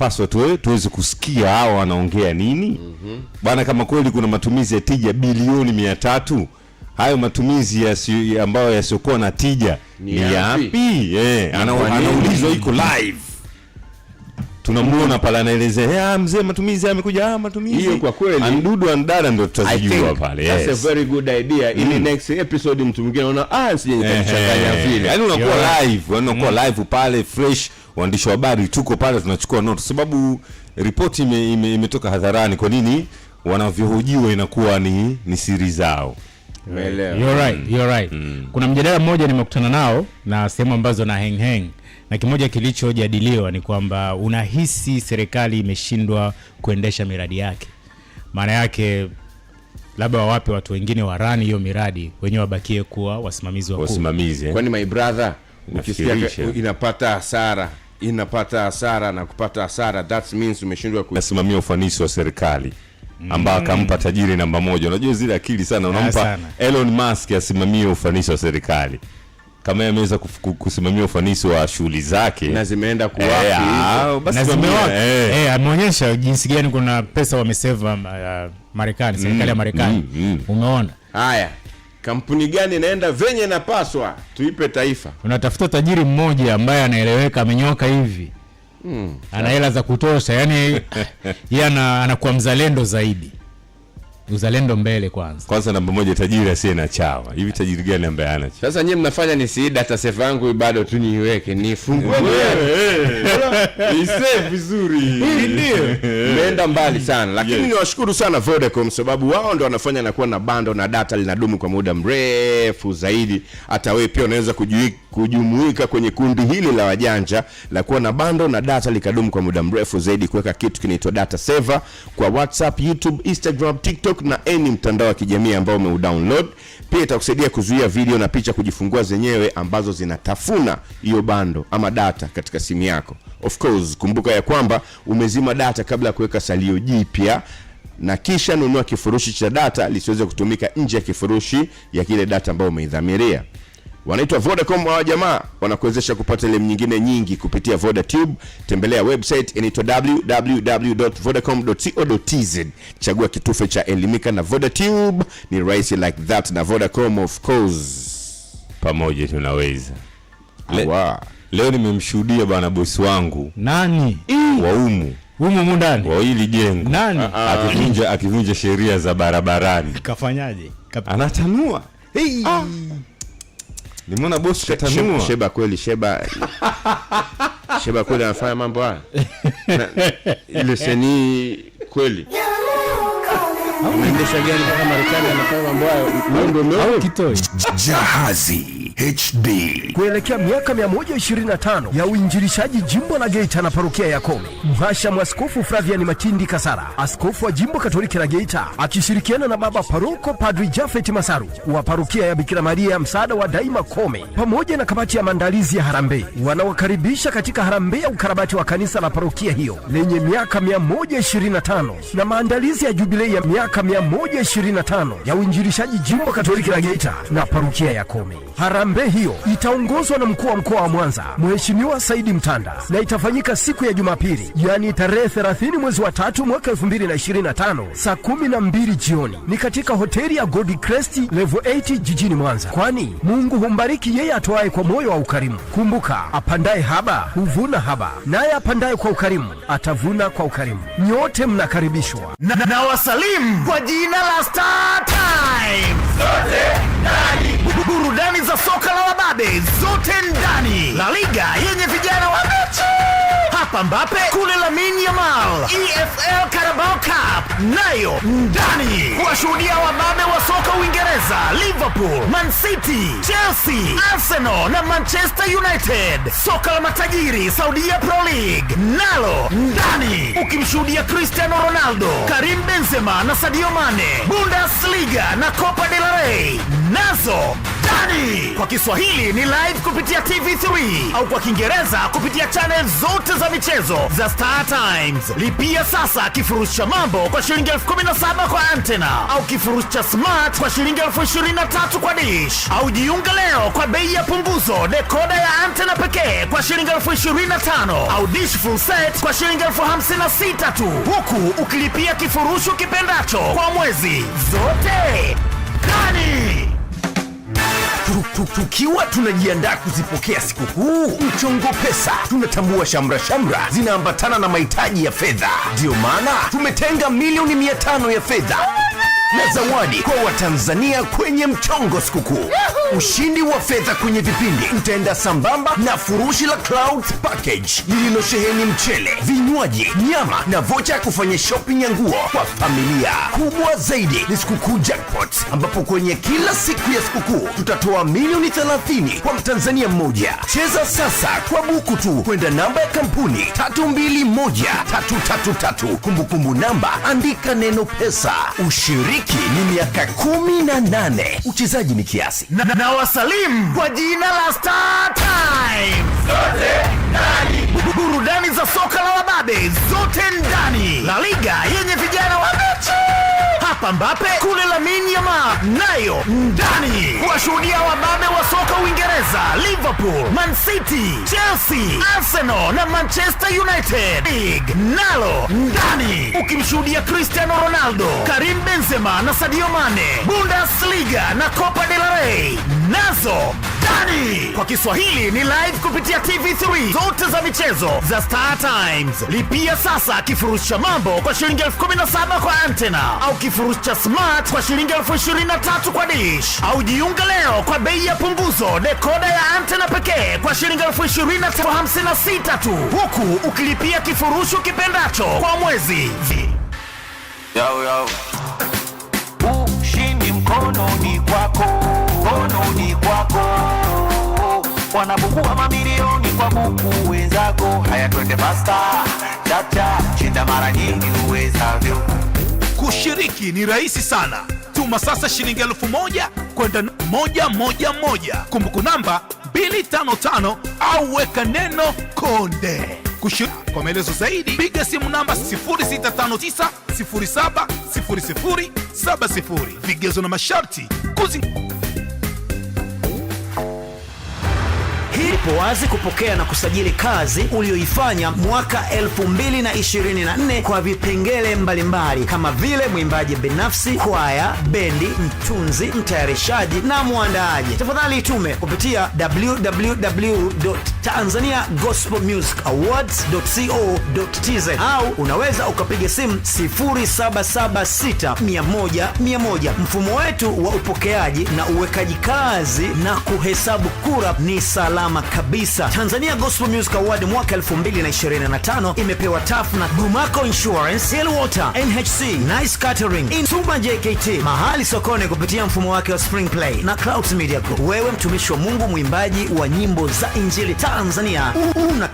tunapaswa tuwe tuweze kusikia hao wanaongea nini mm -hmm. bana kama kweli kuna matumizi ya tija bilioni mia tatu hayo matumizi ya si, ambayo yasiokuwa na tija ni yapi? Yeah. Anaulizwa iko live tunamuona pale anaelezea eh, ah, mzee, matumizi yamekuja haya ah, matumizi. Hiyo kwa kweli andudu andada ndio tutazijua pale. Yes. That's a very good idea. mm. Ili next episode mtu mwingine anaona ah, sije nikachanganya eh, eh, vile. Yaani unakuwa live, yaani unakuwa mm. live pale fresh waandishi wa habari tuko pale tunachukua notes, sababu ripoti ime, ime, imetoka hadharani. Kwa nini wanavyohojiwa inakuwa ni, ni siri zao? You're right, you're right. Mm. Kuna mjadala mmoja nimekutana nao na sehemu ambazo na heng heng na kimoja kilichojadiliwa ni kwamba unahisi serikali imeshindwa kuendesha miradi yake, maana yake labda wawape watu wengine warani hiyo miradi, wenyewe wabakie kuwa wasimamizi wakuu, wasimamizi eh? Kwani my brother ukisikia inapata hasara inapata hasara na kupata hasara, that means umeshindwa kusimamia ufanisi wa serikali ambao mm. akampa tajiri namba moja. Unajua zile akili sana, unampa Elon Musk asimamie ufanisi wa serikali kama ameweza kusimamia ufanisi wa shughuli zake na zimeenda kuwapi? Eh, ah, eh. eh, ameonyesha jinsi gani kuna pesa wameseva uh, Marekani, serikali ya mm, Marekani. Mm, Umeona haya kampuni gani inaenda venye napaswa, tuipe taifa. Unatafuta tajiri mmoja ambaye anaeleweka, amenyoka hivi, hmm, ana hela za kutosha, yani yeye anakuwa mzalendo zaidi uzalendo mbele kwanza. Kwanza namba moja, tajiri asiye na chawa. Hivi tajiri gani ambaye hana chawa? Sasa nyie mnafanya ni si data safe yangu bado tu niiweke niifungue ni safe vizuri, ndio imeenda mbali sana lakini yes. Niwashukuru sana Vodacom sababu wao ndo wanafanya nakuwa na bando na data linadumu kwa muda mrefu zaidi. Hata wewe pia unaweza kujumuika kwenye kundi hili la wajanja la kuwa na bando na data likadumu kwa muda mrefu zaidi, kuweka kitu kinaitwa data saver kwa WhatsApp, YouTube, Instagram, TikTok Facebook na any mtandao wa kijamii ambao umeudownload. Pia itakusaidia kuzuia video na picha kujifungua zenyewe ambazo zinatafuna hiyo bando ama data katika simu yako. Of course, kumbuka ya kwamba umezima data kabla ya kuweka salio jipya na kisha nunua kifurushi cha data lisiweze kutumika nje ya kifurushi ya kile data ambayo umeidhamiria. Wanaitwa Vodacom wa jamaa, wanakuwezesha kupata elimu nyingine nyingi kupitia VodaTube. Tembelea website inaitwa www.vodacom.co.tz, chagua kitufe cha elimika na VodaTube. Ni rahisi like that, na Vodacom of course, pamoja tunaweza. Le, Leo nimemshuhudia bana bosi wangu nani waumu humu mundani wa jengo nani akivunja akivunja sheria za barabarani, kafanyaje? Kap... anatanua hey. ah. Nimeona boss katanua. Sheba kweli, Sheba Sheba kweli anafanya mambo haya ile seni kweli Mwendesha gari Marekani anafanya mambo hayo kitoi. Jahazi HD kuelekea miaka 125 ya uinjilishaji jimbo la Geita na parokia ya Kome, mhashamu Askofu Flavian Matindi Kasara, askofu wa jimbo Katoliki la Geita, akishirikiana na baba paroko Padri Jafet Masaru wa parokia ya Bikira Maria ya Msaada wa Daima Kome, pamoja na kamati ya maandalizi ya harambee, wanawakaribisha katika harambee ya ukarabati wa kanisa la parokia hiyo lenye miaka 125 na maandalizi ya jubilei ya miaka miaka 125 ya uinjilishaji jimbo Katoliki la Geita na parukia ya Kome. Harambee hiyo itaongozwa na mkuu wa mkoa wa Mwanza Mheshimiwa Saidi Mtanda na itafanyika siku ya Jumapili, yaani tarehe 30 mwezi wa tatu mwaka 2025 saa 12 jioni, ni katika hoteli ya Gold Crest level 8 jijini Mwanza, kwani Mungu humbariki yeye atoaye kwa moyo wa ukarimu. Kumbuka, apandaye haba huvuna haba, naye apandaye kwa ukarimu atavuna kwa ukarimu. Nyote mnakaribishwa na, na wasalimu kwa jina la Star Zote ndani. Burudani za soka la wababe zote ndani. La Liga yenye vijana wa hapa Mbappe, kule Lamine Yamal. EFL Carabao Cup nayo ndani, kuwashuhudia wababe wa soka Uingereza, Liverpool, Man City, Chelsea, Arsenal na Manchester United. Soka la matajiri Saudia Pro League nalo ndani, ukimshuhudia Cristiano Ronaldo, Karim Benzema na Sadio Mane. Bundesliga na Copa del Rey nazo burudani kwa Kiswahili ni live kupitia TV3 au kwa Kiingereza kupitia channel zote za michezo za Star Times. Lipia sasa kifurushi cha mambo kwa shilingi 17 kwa antena au kifurushi cha smart kwa shilingi 23 kwa dish, au jiunga leo kwa bei ya punguzo dekoda ya antena pekee kwa shilingi 25 au dish full set kwa shilingi 56 tu, huku ukilipia kifurushi ukipendacho kwa mwezi zote. Kani tukiwa tunajiandaa kuzipokea sikukuu, mchongo pesa tunatambua shamra shamra zinaambatana na mahitaji ya fedha. Ndiyo maana tumetenga milioni mia tano ya fedha na zawadi kwa Watanzania kwenye mchongo sikukuu. Ushindi wa fedha kwenye vipindi utaenda sambamba na furushi la cloud Package lililosheheni mchele, vinywaji, nyama na vocha ya kufanya shopping ya nguo kwa familia. Kubwa zaidi ni sikukuu jackpot, ambapo kwenye kila siku ya sikukuu tutatoa milioni 30 kwa mtanzania mmoja. Cheza sasa kwa buku tu kwenda namba ya kampuni 321333 kumbukumbu namba, andika neno pesa. Ushiriki ni miaka 18, uchezaji ni kiasi na, na, na wasalimu kwa jina la Star Time. Zote ndani, burudani za soka la wababe zote ndani, La Liga yenye vijana wa hapa Mbappe, kule Lamine Yamal, nayo ndani. Washuhudia wababe wa soka Uingereza, Liverpool, Man City, Chelsea, Arsenal na Manchester United, big nalo ndani, ukimshuhudia Cristiano Ronaldo, Karim Benzema na Sadio Mane. Bundesliga na Copa del Rey nazo burudani kwa Kiswahili ni live kupitia TV3 zote za michezo za Star Times. Lipia sasa kifurusha mambo kwa shilingi 17 kwa antena au kifurusha smart kwa shilingi 23 kwa dish, au jiunga leo kwa bei ya punguzo dekoda ya antena pekee kwa shilingi 256 tu, huku ukilipia kifurushi ukipendacho kwa mwezi. Yo, yo ni kwako, ni kwako. Wanabugua mamilioni kwa buku wenzako. Haya, twende fasta, chacha, shinda mara nyingi uwezavyo. Kushiriki ni rahisi sana. Tuma sasa shilingi elfu moja kwenda moja moja moja, kumbuku namba 255 au weka neno konde kushiriki. Kwa maelezo zaidi piga simu namba 0659 070070. Vigezo na masharti kuzi upo wazi kupokea na kusajili kazi uliyoifanya mwaka 2024 kwa vipengele mbalimbali kama vile mwimbaji binafsi, kwaya, bendi, mtunzi, mtayarishaji na mwandaaji. Tafadhali tume kupitia www.tanzaniagospelmusicawards.co.tz au unaweza ukapiga simu 0776110100. Mfumo wetu wa upokeaji na uwekaji kazi na kuhesabu kura ni salama kabisa. Tanzania Gospel Music Award mwaka 2025 imepewa TAF na bumaco Insurance, Elwater, NHC, Nice Catering, Insuma JKT, Mahali Sokone kupitia mfumo wake wa spring play na Clouds Media Group. Wewe mtumishi wa Mungu, mwimbaji wa nyimbo za Injili Tanzania una